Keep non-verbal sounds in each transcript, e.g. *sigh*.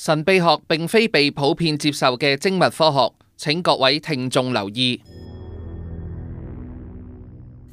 神秘學並非被普遍接受嘅精密科學，請各位聽眾留意。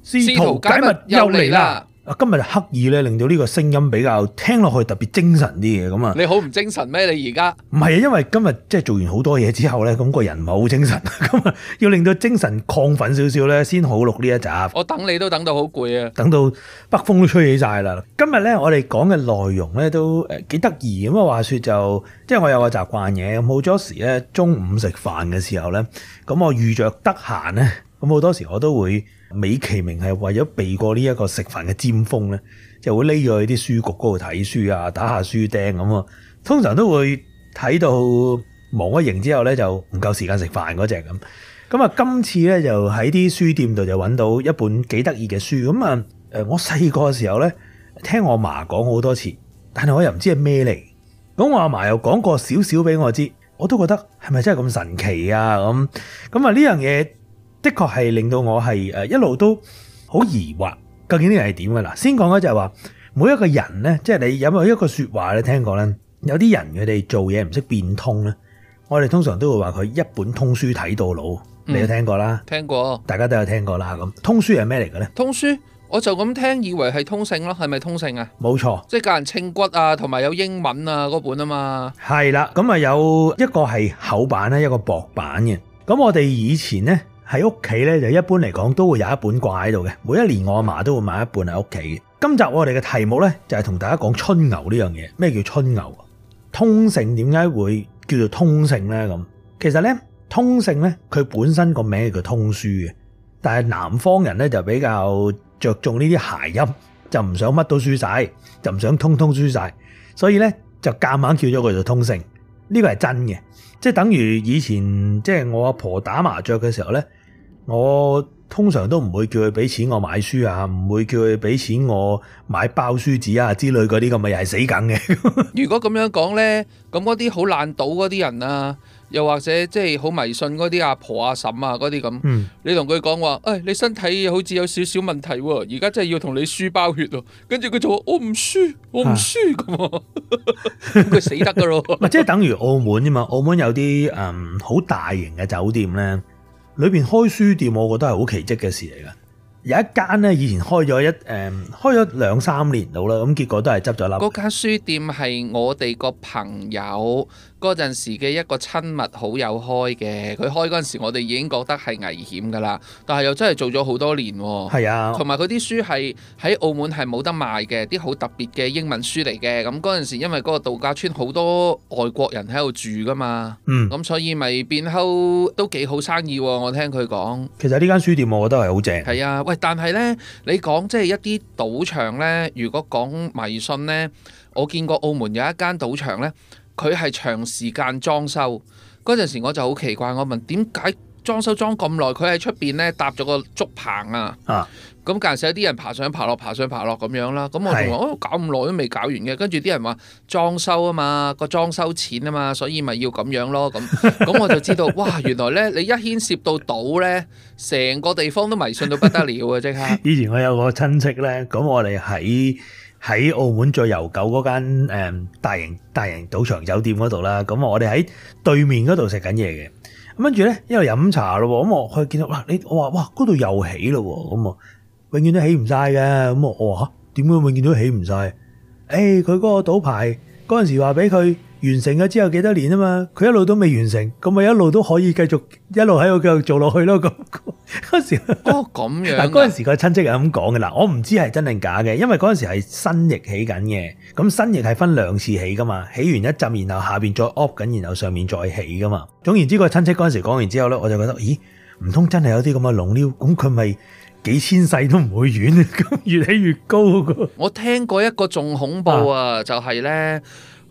試圖解密又嚟啦！啊，今日刻意咧令到呢個聲音比較聽落去特別精神啲嘅，咁啊，你好唔精神咩？你而家唔係啊，因為今日即係做完好多嘢之後咧，咁個人唔係好精神，咁啊要令到精神亢奮少少咧，先好錄呢一集。我等你都等到好攰啊，等到北風都吹起晒啦。今日咧，我哋講嘅內容咧都誒幾得意咁啊。話說就即係我有個習慣嘅，咁好多時咧中午食飯嘅時候咧，咁我預着得閒咧，咁好多時我都會。美其名係為咗避過呢一個食飯嘅尖峰咧，就會匿咗去啲書局嗰度睇書啊，打下書釘咁啊。通常都會睇到忙咗營之後咧，就唔夠時間食飯嗰隻咁。咁啊，今次咧就喺啲書店度就揾到一本幾得意嘅書咁啊。誒，我細個嘅時候咧，聽我阿嫲講好多次，但係我又唔知係咩嚟。咁我阿嫲又講過少少俾我知，我都覺得係咪真係咁神奇啊？咁咁啊，呢樣嘢。的確係令到我係誒一路都好疑惑，究竟呢個係點噶啦？先講咧就係、是、話，每一個人呢，即係你有冇一個說話你聽過呢？有啲人佢哋做嘢唔識變通呢，我哋通常都會話佢一本通書睇到老，你有聽過啦、嗯？聽過，大家都有聽過啦。咁通書係咩嚟嘅呢？通書我就咁聽，以為係通勝咯，係咪通勝啊？冇錯，即係教人稱骨啊，同埋有，有英文啊嗰本啊嘛。係啦，咁啊有一個係厚版咧，一個薄版嘅。咁我哋以前呢。喺屋企咧就一般嚟講都會有一本掛喺度嘅，每一年我阿嫲都會買一本喺屋企嘅。今集我哋嘅題目咧就係同大家講春牛呢樣嘢，咩叫春牛？通勝點解會叫做通勝咧？咁其實咧通勝咧佢本身個名係叫通書嘅，但係南方人咧就比較着重呢啲諧音，就唔想乜都輸晒，就唔想通通輸晒，所以咧就夾硬，硬叫咗佢做通勝。呢個係真嘅。即係等於以前，即係我阿婆打麻雀嘅時候咧，我通常都唔會叫佢俾錢我買書啊，唔會叫佢俾錢我買包書紙啊之類嗰啲咁嘅，又係死梗嘅。 *laughs* 如果咁樣講咧，咁嗰啲好爛賭嗰啲人啊！又或者即係好迷信嗰啲阿婆阿嬸啊，啊，嗰啲咁，你同佢講話，誒、哎，你身體好似有少少問題喎，而家真係要同你輸包血咯，跟住佢就話我唔輸，我唔輸咁，佢、啊、 *laughs* 死得噶咯，即係等於澳門啫嘛，澳門有啲誒好大型嘅酒店呢，裏邊開書店，我覺得係好奇跡嘅事嚟噶。有一間呢，以前開咗一誒、嗯，開咗兩三年到啦，咁結果都係執咗笠。嗰間書店係我哋個朋友嗰陣時嘅一個親密好友開嘅，佢開嗰陣時，我哋已經覺得係危險噶啦，但係又真係做咗好多年。係啊，同埋佢啲書係喺澳門係冇得賣嘅，啲好特別嘅英文書嚟嘅。咁嗰陣時因為嗰個度假村好多外國人喺度住噶嘛，嗯，咁所以咪變後都幾好生意。我聽佢講，其實呢間書店我覺得係好正。係啊，喂，但係呢，你講即係一啲賭場呢。如果講迷信呢，我見過澳門有一間賭場呢，佢係長時間裝修嗰陣時，我就好奇怪，我問點解裝修裝咁耐，佢喺出邊呢搭咗個竹棚啊。啊咁間唔時有啲人爬上爬落爬上爬落咁樣啦，咁我同佢是、哦、搞咁耐都未搞完嘅，跟住啲人話裝修啊嘛，個裝修錢啊嘛，所以咪要咁樣咯，咁咁我就知道 *laughs* 哇，原來咧你一牽涉到賭咧，成個地方都迷信到不得了嘅即刻。以前我有個親戚咧，咁我哋喺喺澳門最悠久嗰間、嗯、大型大型賭場酒店嗰度啦，咁我哋喺對面嗰度食緊嘢嘅，咁跟住咧因為飲茶咯，咁我去見到哇你我話哇嗰度又起咯，咁永遠都起唔晒嘅，咁我我話點解永遠都起唔晒？誒、欸，佢嗰個賭牌嗰陣時話俾佢完成咗之後幾多年啊嘛，佢一路都未完成，咁咪一路都可以繼續一路喺度繼續做落去咯。咁嗰時哦咁樣嗱、啊，嗰陣時個親戚係咁講嘅嗱，我唔知係真定假嘅，因為嗰陣時係新翼起緊嘅，咁新翼係分兩次起噶嘛，起完一浸，然後下邊再 op 緊，然後上面再起噶嘛。總言之，個親戚嗰陣時講完之後咧，我就覺得咦，唔通真係有啲咁嘅龍溜，咁佢咪？幾千世都唔會遠，越嚟越高。我聽過一個仲恐怖啊，就係、係、呢。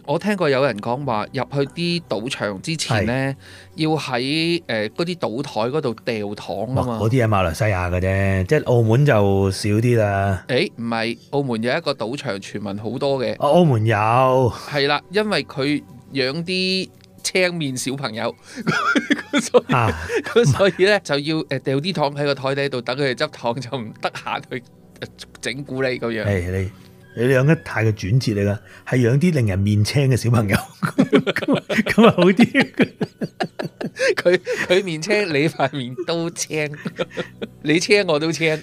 我聽過有人講話入去啲賭場之前呢，是要喺誒嗰啲賭台嗰度掉糖啊嘛。嗰啲係馬來西亞嘅啫，即係澳門就少啲啦。誒唔係，澳門有一個賭場傳聞好多嘅。澳門有，係啦，因為佢養啲。青面小朋友，咁 *laughs* 所以，咧、啊、 *laughs* 就要掉啲糖喺個台底度，等佢哋執糖就唔得閒去整蠱你咁樣。哎你你養得太過轉折嚟㗎，係養啲令人面青嘅小朋友，咁咁啊好啲。佢佢面青，你塊面都青， *laughs* *laughs* 你青我都青，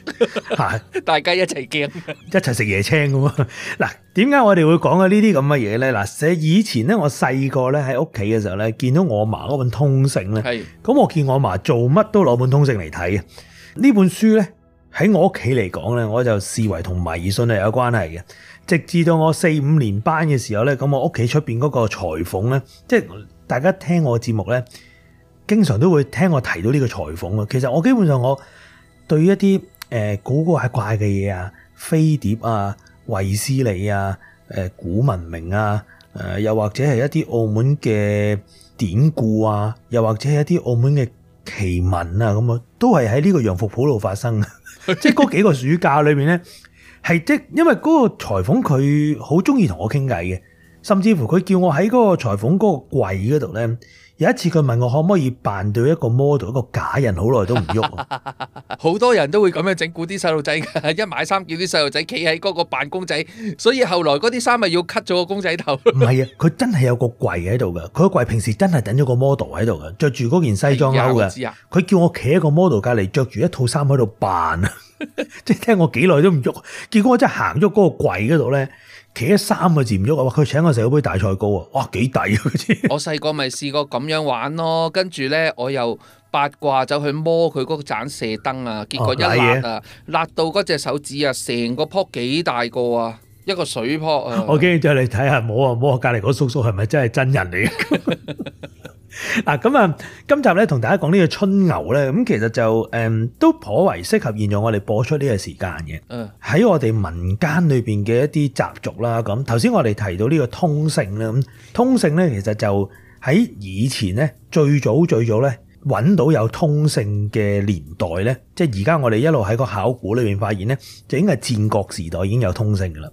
大家一齊驚，一齊食野青嘛。嗱， *laughs* 點解我哋會講嘅呢啲咁嘅嘢咧？嗱，其實以前咧，我細個咧喺屋企嘅時候咧，見到我嫲嗰本通勝咧，咁的我見我嫲做乜都攞本通勝嚟睇，呢本書咧。喺我屋企嚟講咧，我就視為同迷信係有關係嘅。直至到我四五年班嘅時候咧，咁我屋企出面嗰個裁縫咧，即係大家聽我嘅節目咧，經常都會聽我提到呢個裁縫啊。其實我基本上我對一啲誒古古怪怪嘅嘢啊、飛碟啊、衛斯理啊、誒古文明啊、誒又或者係一啲澳門嘅典故啊，又或者係一啲澳門嘅奇聞啊，咁啊，都係喺呢個洋服舖度發生嘅。 *laughs* 即係嗰幾個暑假裏面咧，係即因為嗰個裁縫佢好中意同我傾偈嘅，甚至乎佢叫我喺嗰個裁縫嗰個櫃嗰度咧。有一次佢問我可唔可以扮到一個 model 一個假人，好耐都唔喐。好多人都會咁樣整蠱啲細路仔嘅，一買衫叫啲細路仔企喺嗰個扮公仔，所以後來嗰啲衫咪要 cut 咗個公仔頭。唔係啊，佢真係有個櫃喺度噶，佢個櫃平時真係等咗個 model 喺度㗎。着住嗰件西裝褸㗎。佢叫我企喺個 model 隔籬，着住一套衫喺度扮啊，即 *laughs* 係聽我幾耐都唔喐，結果我真係行咗嗰個櫃嗰度咧。企咗三個字唔喐啊！佢請我食嗰杯大菜糕啊！哇，幾抵啊！ *laughs* 我細個咪試過咁樣玩咯，跟住呢，我又八卦走去摸佢嗰盞射燈啊，結果一焫啊，焫、啊、到嗰隻手指啊，成個泡幾大個啊！一個水泡啊！我建議再嚟，睇下，摸啊摸啊，隔籬嗰叔叔係咪真係真人嚟？嗱咁啊，今集咧同大家講呢個春牛咧，咁其實就誒都頗為適合現在我哋播出呢個時間嘅。嗯，喺我哋民間裏邊嘅一啲習俗啦，咁頭先我哋提到呢個通勝啦，咁通勝咧其實就喺以前咧，最早最早咧揾,到有通勝嘅年代咧，即係而家我哋一路喺個考古裏邊發現咧，就應該係戰國時代已經有通勝噶啦。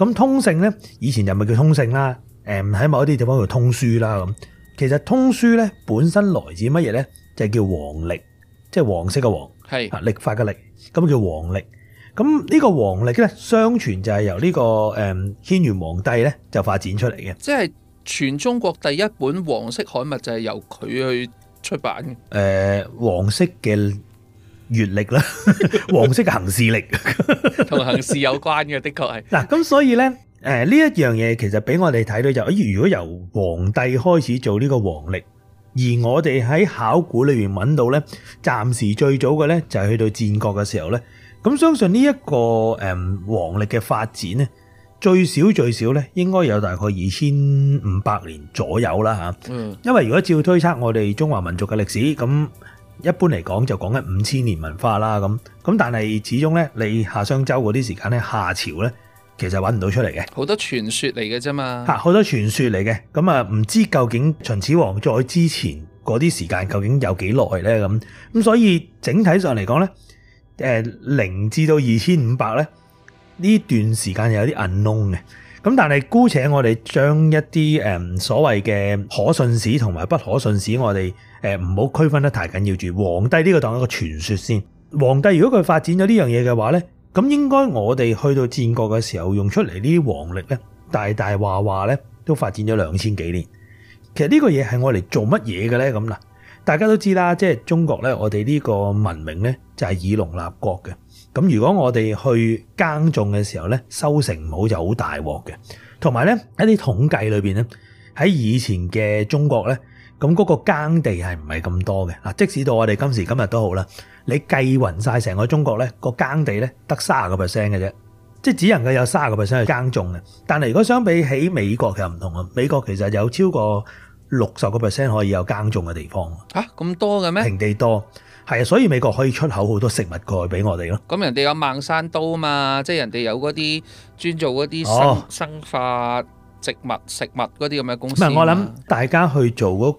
咁通勝咧，以前就唔係叫通勝啦，誒、嗯，喺某一啲地方叫通書啦咁。其實通書咧本身來自乜嘢咧？就係叫黃曆，即係黃色嘅黃，係啊是，曆法嘅曆，咁叫黃曆。咁、嗯、呢、這個黃曆咧，相傳就係由呢個誒，軒轅皇帝咧就發展出嚟嘅。即係全中國第一本黃色刊物就係由佢去出版嘅。誒、呃，黃色嘅。月曆啦，黃色嘅行事曆，同 *laughs* 行事有關嘅，的確係。嗱，咁所以咧，誒、呃、呢一樣嘢其實俾我哋睇到就是，誒如果由皇帝開始做呢個皇曆，而我哋喺考古裏邊揾到咧，暫時最早嘅咧就係去到戰國嘅時候咧。咁相信呢、這、一個誒皇曆嘅發展咧，最少最少咧應該有大概二千五百年左右啦嚇。嗯，因為如果照推測我哋中華民族嘅歷史咁。一般嚟講就講緊五千年文化啦，咁咁但係始終咧，你夏商周嗰啲時間咧，夏朝咧其實揾唔到出嚟嘅，好多傳說嚟嘅啫嘛，吓，好多傳說嚟嘅，咁啊唔知究竟秦始皇再之前嗰啲時間究竟有幾耐咧咁，咁所以整體上嚟講咧，誒零至到二千五百咧呢段時間有啲 unknown 嘅。咁但係姑且我哋將一啲誒所謂嘅可信史同埋不可信史，我哋誒唔好區分得太緊要住。皇帝呢個當一個傳說先。皇帝如果佢發展咗呢樣嘢嘅話呢，咁應該我哋去到戰國嘅時候用出嚟呢啲皇曆呢，大大話話呢，都發展咗兩千幾年。其實個呢個嘢係我嚟做乜嘢嘅呢？咁嗱，大家都知啦，即係中國呢，我哋呢個文明呢，就係以農立國嘅。咁如果我哋去耕種嘅時候咧，收成唔好就好大鑊嘅。同埋咧，一啲統計裏邊咧，喺以前嘅中國咧，咁嗰個耕地係唔係咁多嘅？嗱，即使到我哋今時今日都好啦，你計運晒成個中國咧，個耕地咧得卅個 percent 嘅啫，即係只能夠有卅個 percent 去耕種嘅。但係如果相比起美國，其實唔同啊，美國其實有超過六十個 percent 可以有耕種嘅地方。吓咁多嘅咩？平地多。係啊，所以美國可以出口好多食物過去俾我哋咯。咁人哋有孟山都啊嘛，即係人哋有嗰啲專做嗰啲生生化植物、食物嗰啲咁嘅公司啦。唔係，我諗大家去做嗰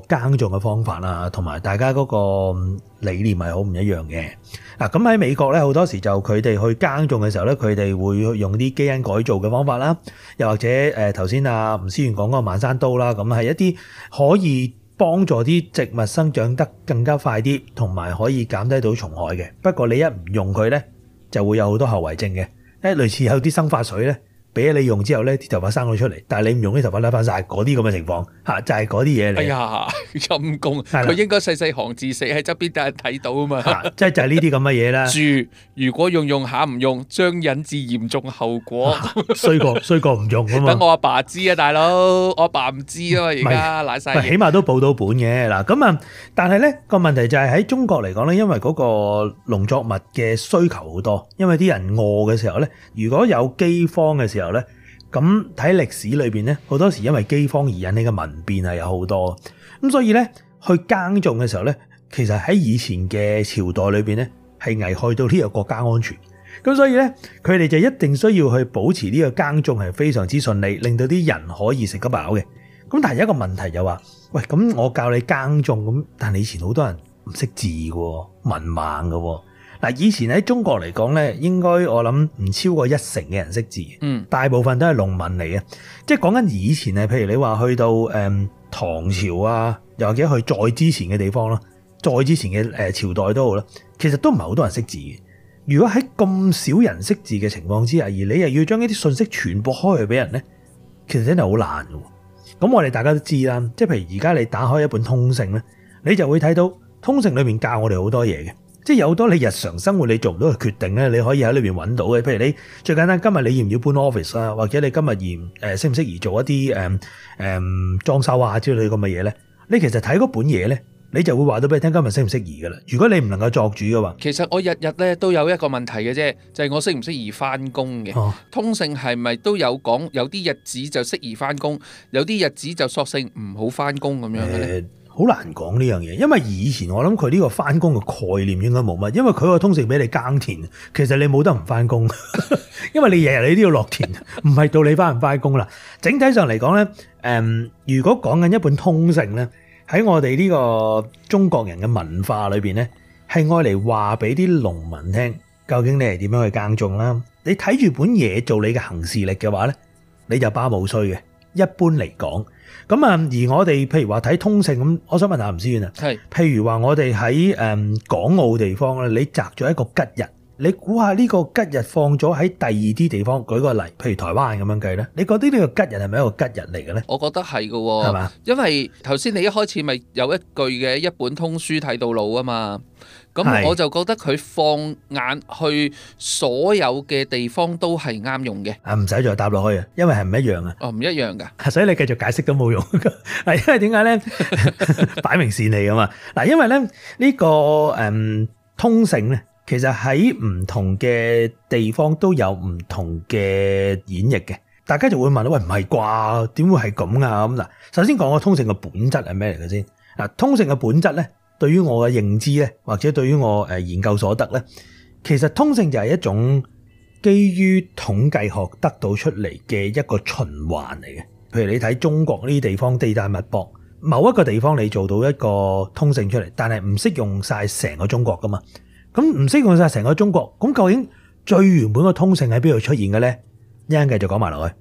個耕種嘅方法啊，同埋大家嗰個理念係好唔一樣嘅。嗱，咁喺美國咧，好多時就佢哋去耕種嘅時候咧，佢哋會用啲基因改造嘅方法啦，又或者誒頭先啊吳思源講嗰個孟山都啦，咁係一啲可以，幫助啲植物生長得更加快啲，同埋可以減低到蟲害嘅。不過你一唔用佢咧，就會有好多後遺症嘅，一類似有啲生髮水咧。俾你用之後咧，頭髮生咗出嚟，但係你唔用啲頭髮拉翻晒。嗰啲咁嘅情況吓，就係嗰啲嘢嚟。哎呀，陰公，佢的應該細細行至死喺側邊都係睇到啊嘛。即係就係呢啲咁嘅嘢啦。住，如果用用下唔用，將引致嚴重後果。衰過衰過唔用。等 *laughs* 我阿爸，爸知啊，大佬，我阿爸唔知啊而家拉晒。起碼都補到本嘅嗱，咁啊，但係咧個問題就係喺中國嚟講咧，因為嗰個農作物嘅需求好多，因為啲人餓嘅時候咧，如果有饑荒嘅時候。時候咧，咁睇歷史裏邊咧，好多時因為饑荒而引起嘅民變係，有好多。咁所以咧，去耕種嘅時候咧，其實喺以前嘅朝代裏邊咧，係危害到呢個國家安全。咁所以咧，佢哋就一定需要去保持呢個耕種係非常之順利，令到啲人可以食得飽嘅。咁但係有一個問題就話，是，喂，咁我教你耕種咁，但係你以前好多人唔識字嘅，文盲嘅。嗱，以前喺中國嚟講咧，想應該我諗唔超過一成嘅人識字，嗯，大部分都係農民嚟嘅，即係講緊以前啊，譬如你話去到、嗯、唐朝啊，又或者去再之前嘅地方咯，再之前嘅嗯、朝代都好啦，其實都唔係好多人識字嘅。如果喺咁少人識字嘅情況之下，而你又要將呢啲信息傳播開去俾人咧，其實真係好難嘅。咁我哋大家都知啦，即係譬如而家你打開一本《通勝》咧，你就會睇到《通勝》裏面教我哋好多嘢嘅。即係有好多你日常生活你做唔到嘅決定咧，你可以喺裏面揾到嘅。譬如你最簡單，今日你要唔要搬 office 啊？或者你今日宜誒適唔適宜做一啲誒誒裝修啊之類咁嘅嘢咧？你其實睇嗰本嘢咧，你就會話到俾你聽，今日適唔適宜噶啦。如果你唔能夠作主嘅話，其實我日日咧都有一個問題嘅啫，就係、是、我適唔適宜翻工嘅。哦、通勝係咪都有講？有啲日子就適宜翻工，有啲日子就索性唔好翻工咁樣嘅咧。呃好難講呢樣嘢，因為以前我諗佢呢個返工嘅概念應該冇乜，因為佢個通勝俾你耕田，其實你冇得唔返工，因為你日日你都要落田，唔係到你返唔返工啦。整體上嚟講呢，誒，如果講緊一本通勝呢，喺我哋呢個中國人嘅文化裏邊呢，係愛嚟話俾啲農民聽，究竟你係點樣去耕種啦？你睇住本嘢做你嘅行事曆嘅話呢，你就包冇衰嘅。一般嚟講，咁啊，而我哋譬如話睇通勝咁，我想問下吳思遠啊，係譬如話我哋喺誒港澳地方咧，你擇咗一個吉日。你估下呢個吉日放咗喺第二啲地方？舉個例，譬如台灣咁樣計咧，你覺得呢個吉日係咪一個吉日嚟嘅咧？我覺得係㗎喎，係嘛？因為頭先你一開始咪有一句嘅一本通書睇到老啊嘛，咁我就覺得佢放眼去所有嘅地方都係啱用嘅。啊，唔使再搭落去，因為係唔一樣啊。哦，唔一樣㗎，所以你繼續解釋都冇用。係因為點解咧？擺明是你啊嘛。嗱，因為咧呢個誒通勝咧。其實喺唔同嘅地方都有唔同嘅演繹嘅，大家就會問喂，唔係啩？點會係咁啊？咁嗱，首先講個通勝嘅本質係咩嚟嘅先？嗱，通勝嘅本質咧，對於我嘅認知咧，或者對於我誒研究所得咧，其實通勝就係一種基於統計學得到出嚟嘅一個循環嚟嘅。譬如你睇中國呢啲地方，地大物博，某一個地方你做到一個通勝出嚟，但係唔適用晒成個中國噶嘛。咁唔適用晒成個中國，咁究竟最原本個通勝喺邊度出現嘅咧？一陣繼續講埋落去。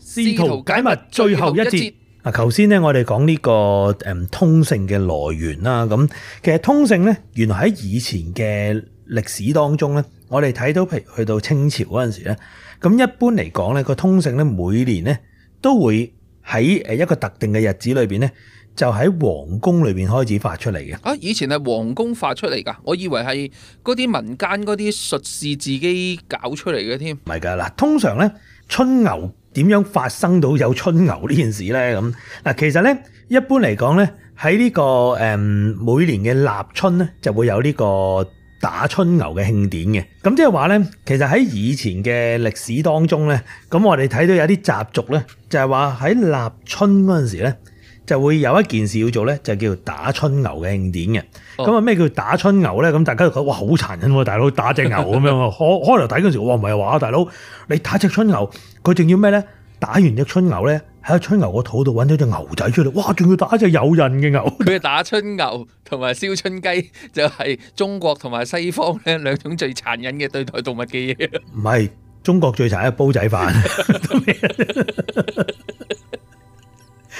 試圖解密最後一節。嗱，頭先咧我哋講呢個誒通勝嘅來源啦，咁其實通勝咧，原來喺以前嘅。歷史當中咧，我哋睇到，譬如去到清朝嗰陣時咧，咁一般嚟講咧，個通勝咧每年咧都會喺一個特定嘅日子裏面咧，就喺皇宮裏面開始發出嚟嘅。啊，以前係皇宮發出嚟噶，我以為係嗰啲民間嗰啲術士自己搞出嚟嘅添。唔係㗎，嗱，通常咧春牛點樣發生到有春牛呢件事咧？咁嗱，其實咧一般嚟講咧，喺呢個誒每年嘅立春咧就會有呢個。打春牛嘅慶典嘅，咁即係話咧，其實喺以前嘅歷史當中咧，咁我哋睇到有啲習俗咧，就係話喺立春嗰陣時咧，就會有一件事要做咧，就叫做打、oh. 叫打春牛嘅慶典嘅。咁啊咩叫打春牛咧？咁大家就覺得哇好殘忍喎，啊，大佬打隻牛咁樣喎。 *laughs* 我開頭睇嗰陣時，我唔係話大佬你打隻春牛，佢仲要咩咧？打完隻春牛咧，喺春牛個肚度揾咗隻牛仔出嚟，哇！仲要打一隻有人嘅牛。佢打春牛同埋燒春雞，就係中國同埋西方咧兩種最殘忍嘅對待動物嘅嘢。唔係中國最殘係煲仔飯。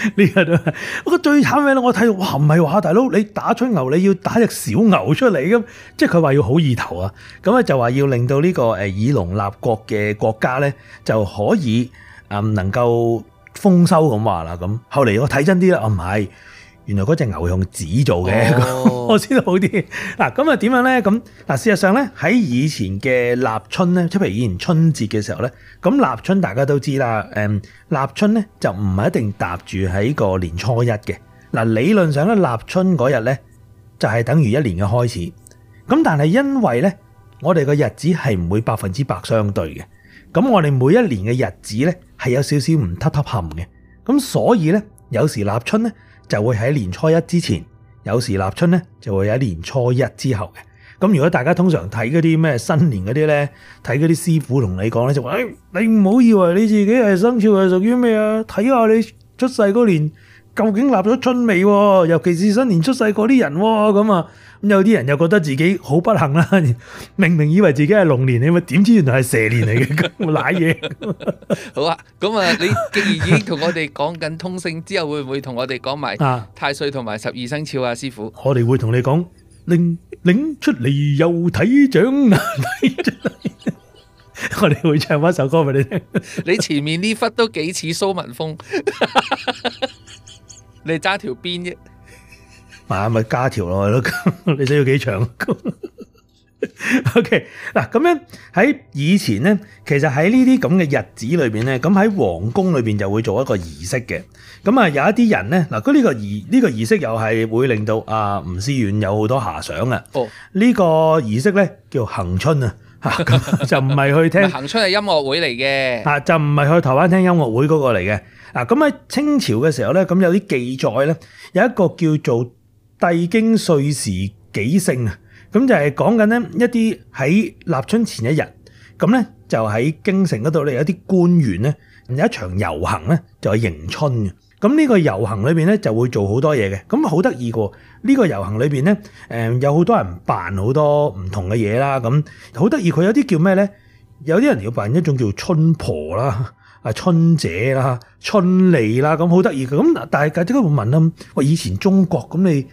呢個都係不過最慘嘅咯！我睇到哇，唔係話大佬你打春牛，你要打隻小牛出嚟咁，即係佢話要好意頭啊。咁咧就話要令到呢個誒以農立國嘅國家咧就可以。啊，能夠豐收咁話啦，咁後嚟我睇真啲啦，啊唔係，原來嗰隻牛用紙做嘅，我知道好啲。嗱，咁啊點樣呢？咁嗱，事實上呢，喺以前嘅立春咧，譬如以前春節嘅時候呢，咁立春大家都知啦。誒，立春呢就唔係一定搭住喺個年初一嘅。嗱，理論上咧，立春嗰日呢就係等於一年嘅開始。咁但係因為呢，我哋個日子係唔會百分之百相對嘅。咁我哋每一年嘅日子咧，係有少少唔凸凸含嘅，咁所以咧，有時立春咧就會喺年初一之前，有時立春咧就會喺年初一之後嘅。咁如果大家通常睇嗰啲咩新年嗰啲咧，睇嗰啲師傅同你講咧，就話：哎，你唔好以為你自己係生肖係屬於咩啊，睇下你出世嗰年究竟立咗春未喎，尤其是新年出世嗰啲人喎，咁啊。有啲人又覺得自己好不幸啦，明明以為自己係龍年，你咪點知原來係蛇年嚟嘅，咁我瀨嘢。好啊，咁啊，你既然已經同我哋講緊通勝，之後會唔會同我哋講埋太歲同埋十二生肖啊，師傅？我哋會同你講，領領出嚟又睇獎，難睇出嚟。我哋會唱翻首歌俾你聽。你前面呢忽都幾似蘇文峰，你揸條鞭啫。咪加條落去咯，你需要幾長？O K，嗱咁樣喺以前咧，其實喺呢啲咁嘅日子裏面咧，咁喺皇宮裏面就會做一個儀式嘅。咁啊，有一啲人咧，嗱佢呢個儀呢個儀式又係會令到阿吳思遠有好多遐想啊。哦，呢個儀式咧叫做春 *laughs* 行春啊，就唔係去聽行春係音樂會嚟嘅。就唔係去台灣聽音樂會嗰個嚟嘅。嗱，咁喺清朝嘅時候咧，咁有啲記載咧，有一個叫做。帝京歲時幾盛啊！咁就係講緊咧一啲喺立春前一日，咁咧就喺京城嗰度咧有啲官員咧有一場遊行咧就係迎春嘅。咁呢個遊行裏面咧就會做好多嘢嘅。咁好得意，個呢個遊行裏面咧，有好多人扮好多唔同嘅嘢啦。咁好得意，佢有啲叫咩咧？有啲人要扮一種叫春婆啦、啊春姐啦、春妮啦，咁好得意嘅。咁大家即刻會問啊，喂，以前中國咁你？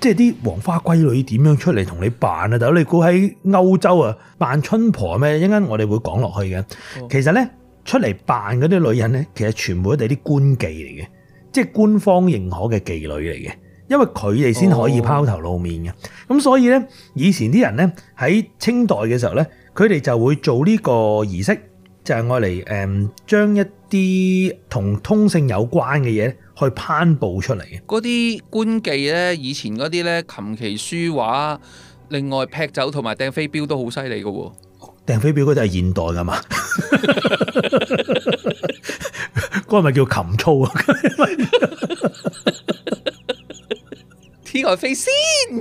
即係啲黃花閨女點樣出嚟同你扮啊？就你估喺歐洲啊扮春婆咩？一陣間我哋會講落去嘅。其實咧，出嚟扮嗰啲女人咧，其實全部都係啲官妓嚟嘅，即係官方認可嘅妓女嚟嘅。因為佢哋先可以拋頭露面嘅。咁所以咧，以前啲人咧喺清代嘅時候咧，佢哋就會做呢個儀式，就係愛嚟誒將一啲同通性有關嘅嘢。去攀步出嚟嘅嗰啲官妓咧，以前嗰啲咧琴棋書畫，另外劈酒同埋掟飛鏢都好犀利嘅喎。掟、哦、飛鏢嗰啲係現代噶嘛？嗰係咪叫琴操啊？ *laughs* *laughs* 天外飛仙，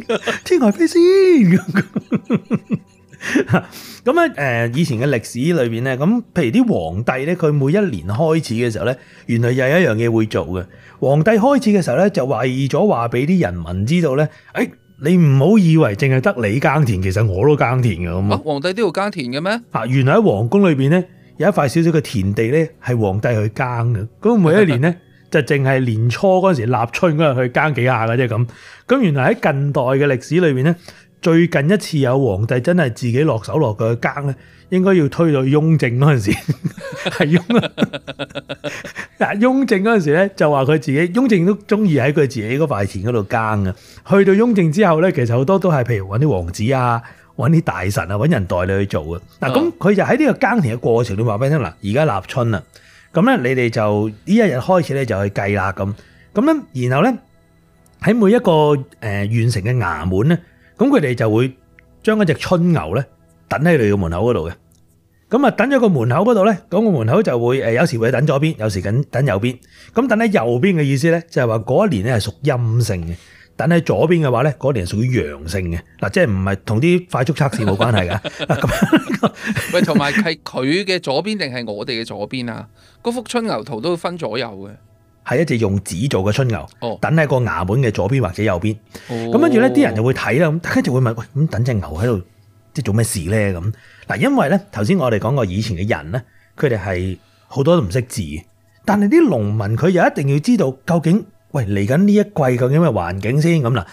*laughs* 天外飛仙 *laughs* 咁咧，誒以前嘅歷史裏面咧，咁譬如啲皇帝咧，佢每一年開始嘅時候咧，原來又有一樣嘢會做嘅。皇帝開始嘅時候咧，就為咗話俾啲人民知道咧，誒、哎、你唔好以為淨係得你耕田，其實我都耕田嘅咁啊！皇帝都要耕田嘅咩？啊，原來喺皇宮裏面咧，有一塊少少嘅田地咧，係皇帝去耕嘅。咁每一年咧，就淨係年初嗰陣時立春嗰日去耕幾下嘅啫咁。咁原來喺近代嘅歷史裏面咧。最近一次有皇帝真係自己落手落腳去耕咧，應該要推到雍正嗰陣時。係啊，嗱，雍正嗰陣時咧就話佢自己，雍正都中意喺佢自己嗰塊田嗰度耕。去到雍正之後咧，其實好多都係譬如揾啲皇子啊，揾啲大臣啊，揾人代理去做嘅。嗱、嗯，咁佢就喺呢個耕田嘅過程你，你話畀你聽啦。嗱，而家立春啦，咁咧你哋就呢一日開始咧就去計啦。咁，咁咧，然後咧喺每一個誒縣城嘅衙門咧。咁佢哋就會將一隻春牛咧等喺你嘅門口嗰度嘅，咁啊等咗個門口嗰度咧，咁個門口就會誒有時會等左邊，有時緊等右邊。咁等喺右邊嘅意思咧，就係話嗰一年咧係屬陰性嘅；等喺左邊嘅話咧，嗰年係屬於陽性嘅。嗱，即係唔係同啲快速測試冇關係㗎？喂，同埋係佢嘅左邊定係我哋嘅左邊啊？嗰幅春牛圖都分左右嘅。係一隻用紙做嘅春牛，等喺個衙門嘅左邊或者右邊。咁跟住呢啲人就會睇啦，咁跟住會問：喂，咁等隻牛喺度即係做咩事呢？咁嗱，因為呢頭先我哋講過以前嘅人呢，佢哋係好多都唔識字，但係啲農民佢又一定要知道究竟喂嚟緊呢一季究，究竟咩環境先咁啦。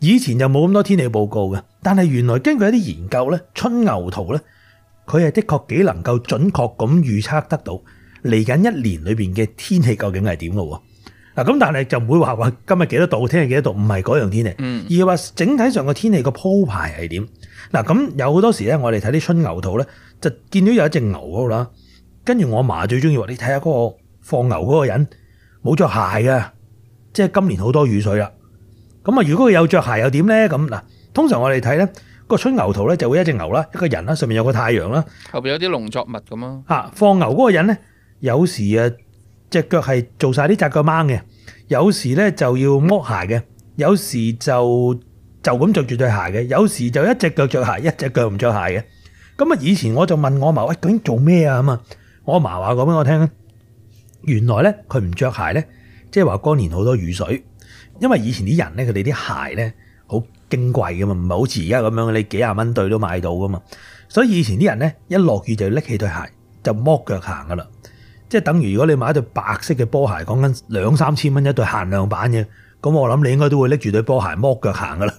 以前就冇咁多天氣報告嘅，但係原來根據一啲研究呢，春牛圖呢，佢係的確幾能夠準確咁預測得到。嚟緊一年裏面嘅天氣究竟係點嘅喎？嗱咁，但係就唔會話話今日幾多度，聽日幾多度，唔係嗰樣天氣，嗯、而係話整體上個天氣個鋪排係點。嗱咁有好多時咧，我哋睇啲春牛圖咧，就見到有一隻牛嗰度啦。跟住我嫲最中意話：你睇下嗰個放牛嗰個人冇着鞋㗎，即係今年好多雨水啦。咁啊，如果佢有着鞋又點咧？咁嗱，通常我哋睇咧個春牛圖咧，就會有一隻牛啦，一個人啦，上面有個太陽啦，後面有啲農作物咁嘛。嚇、啊！放牛嗰個人咧～有時啊，隻腳係做晒啲擸腳掹嘅；有時咧就要剝鞋嘅；有時就要有時就咁著住對鞋嘅；有時就一隻腳着鞋，一隻腳唔着鞋嘅。咁啊，以前我就問我阿嫲：喂，究竟做咩啊？咁啊，我阿嫲話講俾我聽咧，原來咧佢唔着鞋咧，即係話嗰年好多雨水，因為以前啲人咧佢哋啲鞋咧好矜貴噶嘛，唔係好似而家咁樣你幾廿蚊對都買到噶嘛。所以以前啲人咧一落雨就拎起對鞋就剝腳行噶啦。即係等於如果你買一對白色嘅波鞋，講緊兩三千蚊一對限量版嘅，咁我諗你應該都會拎住對波鞋剝腳行噶啦，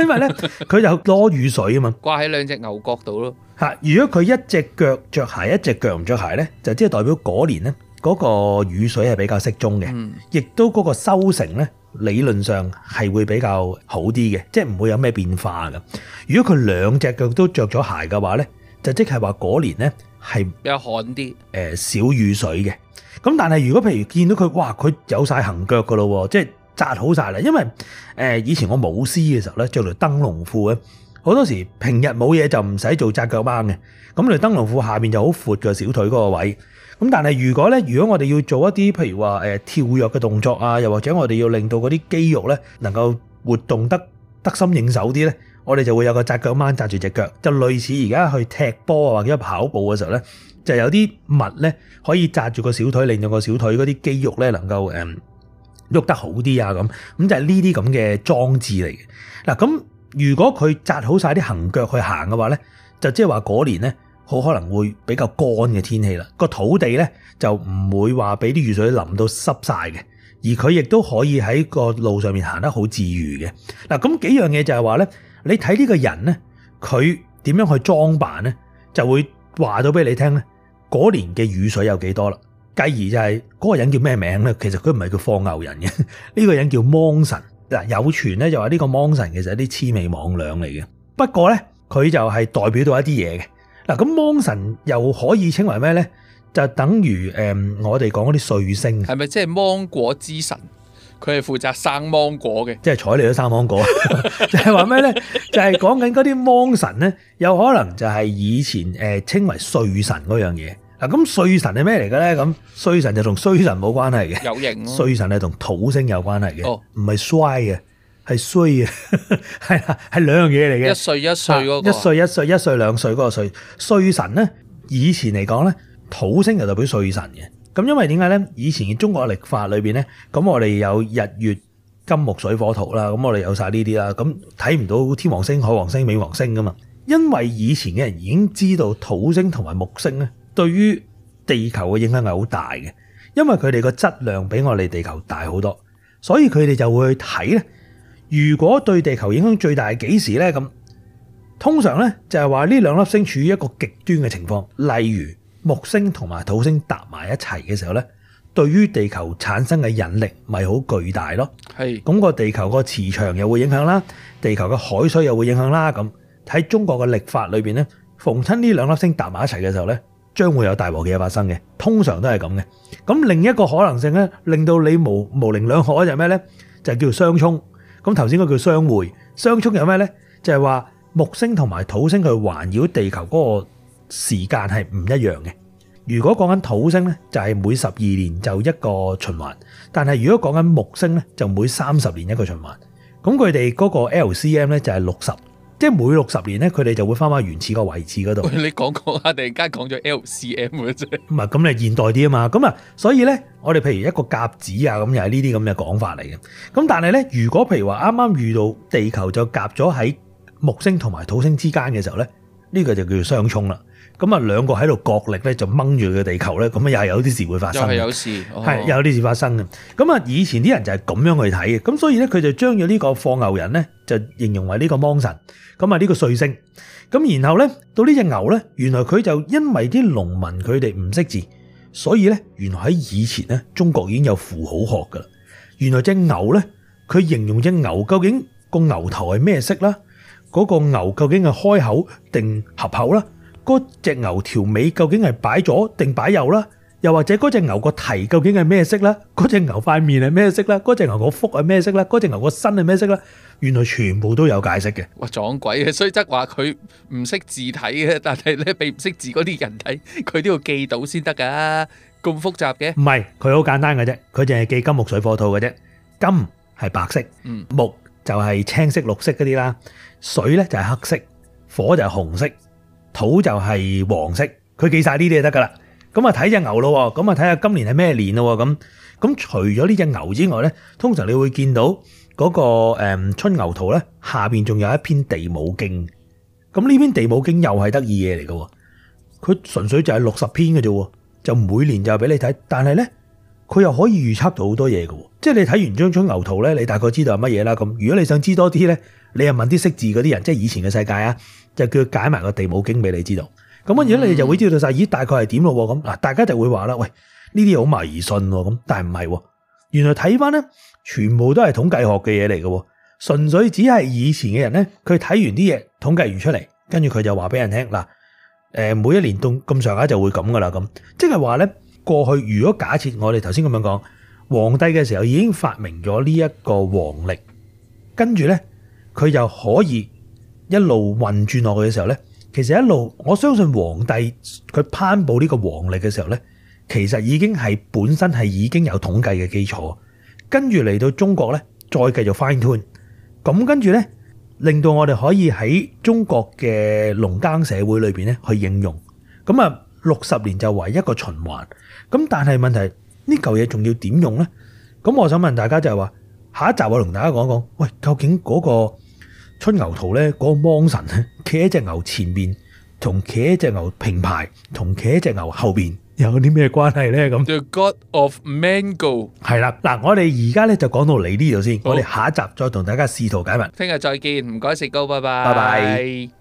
因為咧佢 *laughs* 就多雨水啊嘛，掛喺兩隻牛角度咯。嚇！如果佢一隻腳着鞋，一隻腳唔着鞋咧，就即係代表嗰年咧嗰個雨水係比較適中嘅，亦、嗯、都嗰個收成咧理論上係會比較好啲嘅，即係唔會有咩變化㗎。如果佢兩隻腳都着咗鞋嘅話咧，就即係話嗰年咧。係比較旱啲，誒少雨水嘅。咁但係如果譬如見到佢，哇！佢有晒行腳噶咯，即係紮好晒啦。因為誒以前我舞師嘅時候咧，著條燈籠褲咧，好多時平日冇嘢就唔使做紮腳踭嘅。咁你燈籠褲下面就好闊嘅小腿嗰個位。咁但係如果咧，如果我哋要做一啲譬如話誒跳躍嘅動作啊，又或者我哋要令到嗰啲肌肉咧能夠活動得得心應手啲咧。我哋就會有個紮腳掹紮住隻腳，就類似而家去踢波啊，或者跑步嘅時候咧，就有啲物咧可以紮住個小腿，令到個小腿嗰啲肌肉咧能夠誒喐得好啲啊咁。咁就係呢啲咁嘅裝置嚟嘅。嗱，咁如果佢紮好晒啲行腳去行嘅話咧，就即係話嗰年咧好可能會比較乾嘅天氣啦。個土地咧就唔會話俾啲雨水淋到濕晒嘅，而佢亦都可以喺個路上面行得好自如嘅。嗱，咁幾樣嘢就係話咧。你睇呢個人呢佢點樣去裝扮呢？就會話到俾你聽嗰年嘅雨水有幾多啦。繼而就係嗰個人叫咩名呢？其實佢唔係叫放牛人嘅，呢 *laughs* 個人叫芒神嗱。有傳呢就話呢個芒神其實係啲魑魅魍魎嚟嘅。不過呢，佢就係代表到一啲嘢嘅嗱。咁芒神又可以稱為咩呢？就等於誒、嗯、我哋講嗰啲瑞星，係咪即係芒果之神？佢係負責生芒果嘅，即係彩你都生芒果 *laughs* 就，就係話咩咧？就係講緊嗰啲芒神咧，有可能就係以前誒稱為歲神嗰樣嘢。嗱咁歲神係咩嚟嘅咧？咁歲神就同衰神冇關係嘅，有型、啊。歲神係同土星有關係嘅，唔係、哦、衰嘅，係衰嘅，係係兩樣嘢嚟嘅。一歲一歲嗰個，一歲一歲一歲兩歲嗰個歲，歲神咧，以前嚟講咧，土星就代表歲神嘅。咁因為點解呢？以前中國歷法裏面呢，咁我哋有日月金木水火土啦，咁我哋有晒呢啲啦。咁睇唔到天王星、海王星、冥王星噶嘛？因為以前嘅人已經知道土星同埋木星呢對於地球嘅影響係好大嘅，因為佢哋個質量比我哋地球大好多，所以佢哋就會去睇呢：如果對地球影響最大係幾時呢？咁通常呢，就係話呢兩粒星處於一個極端嘅情況，例如。木星同埋土星搭埋一齊嘅時候咧，對於地球產生嘅引力咪好巨大咯。係，咁個地球個磁場又會影響啦，地球嘅海水又會影響啦。咁喺中國嘅曆法裏邊咧，逢親呢兩粒星搭埋一齊嘅時候咧，將會有大和嘅嘢發生嘅，通常都係咁嘅。咁另一個可能性咧，令到你無無零兩可就係咩咧，就係叫做相沖。咁頭先嗰叫相會，相沖有咩咧？就係話木星同埋土星去環繞地球嗰個。時間係唔一樣嘅。如果講緊土星咧，就係、是、每十二年就一個循環；但係如果講緊木星咧，就每三十年一個循環。咁佢哋嗰個 LCM 咧，就係六十，即係每六十年咧佢哋就會翻返原始個位置嗰度。你講講啊，突然間講咗 LCM 嘅啫。唔係咁你現代啲啊嘛。咁啊，所以咧我哋譬如一個甲子啊，咁又係呢啲咁嘅講法嚟嘅。咁但係咧，如果譬如話啱啱遇到地球就夾咗喺木星同埋土星之間嘅時候咧，呢、這個就叫做相沖啦。咁啊，兩個喺度角力咧，就掹住個地球咧，咁又有啲事會發生，又係有事，係、哦哦、有啲事發生嘅。咁啊，以前啲人就係咁樣去睇嘅，咁所以咧，佢就將咗呢個放牛人咧，就形容為呢個芒神，咁啊，呢個瑞星。咁然後咧，到呢隻牛咧，原來佢就因為啲農民佢哋唔識字，所以咧，原來喺以前咧，中國已經有符號學噶啦。原來隻牛咧，佢形容隻牛，究竟個牛頭係咩色啦？嗰、那個牛究竟係開口定合口啦？嗰隻牛條尾究竟係擺左定擺右啦？又或者嗰隻牛個蹄究竟係咩色啦？嗰隻牛塊面係咩色啦？嗰隻牛個腹係咩色啦？嗰隻牛個身係咩色啦？原來全部都有解釋嘅。哇，撞鬼嘅！雖則話佢唔識字體嘅，但係咧，比唔識字嗰啲人睇，佢都要記到先得噶。咁複雜嘅？唔係，佢好簡單嘅啫。佢淨係記金木水火土嘅啫。金係白色，嗯，木就係青色、綠色嗰啲啦。水咧就係黑色，火就係紅色。土就係黃色，佢記晒呢啲就得噶啦。咁啊睇隻牛咯，咁啊睇下今年係咩年咯。咁咁除咗呢隻牛之外咧，通常你會見到嗰個誒春牛圖咧下邊仲有一篇地母經。咁呢篇地母經又係得意嘢嚟喎。佢純粹就係六十篇嘅啫，就每年就俾你睇。但係咧，佢又可以預測到好多嘢喎。即係你睇完張春牛圖咧，你大概知道係乜嘢啦。咁如果你想知多啲咧，你又問啲識字嗰啲人，即係以前嘅世界啊。就叫佢解埋個地母經俾你知道，咁跟住咧你就會知道晒，咦，大概係點咯。咁嗱，大家就會話啦，喂，呢啲好迷信喎，咁但係唔係，原來睇翻咧全部都係統計學嘅嘢嚟嘅純粹只係以前嘅人咧，佢睇完啲嘢統計完出嚟，跟住佢就話俾人聽。嗱，誒，每一年到咁上下就會咁噶啦。咁即係話咧，過去如果假設我哋頭先咁樣講，皇帝嘅時候已經發明咗呢一個皇曆，跟住咧佢又可以。一路運轉落去嘅時候咧，其實一路我相信皇帝佢頒布呢個皇曆嘅時候咧，其實已經係本身係已經有統計嘅基礎。跟住嚟到中國咧，再繼續 fine tune 咁跟住咧，令到我哋可以喺中國嘅農耕社會裏邊咧去應用。咁啊，六十年就為一個循環。咁但係問題是這呢嚿嘢仲要點用咧？咁我想問大家就係話，下一集我同大家講講，喂，究竟嗰、那個？春牛圖咧，嗰個芒神咧，企喺隻牛前面，同企喺隻牛平排，同企喺隻牛後邊，有啲咩關係咧？咁 The God of Mango 係啦，嗱，我哋而家咧就講到嚟呢度先，好我哋下一集再同大家試圖解密。聽日再見，唔該食糕，拜拜。拜拜。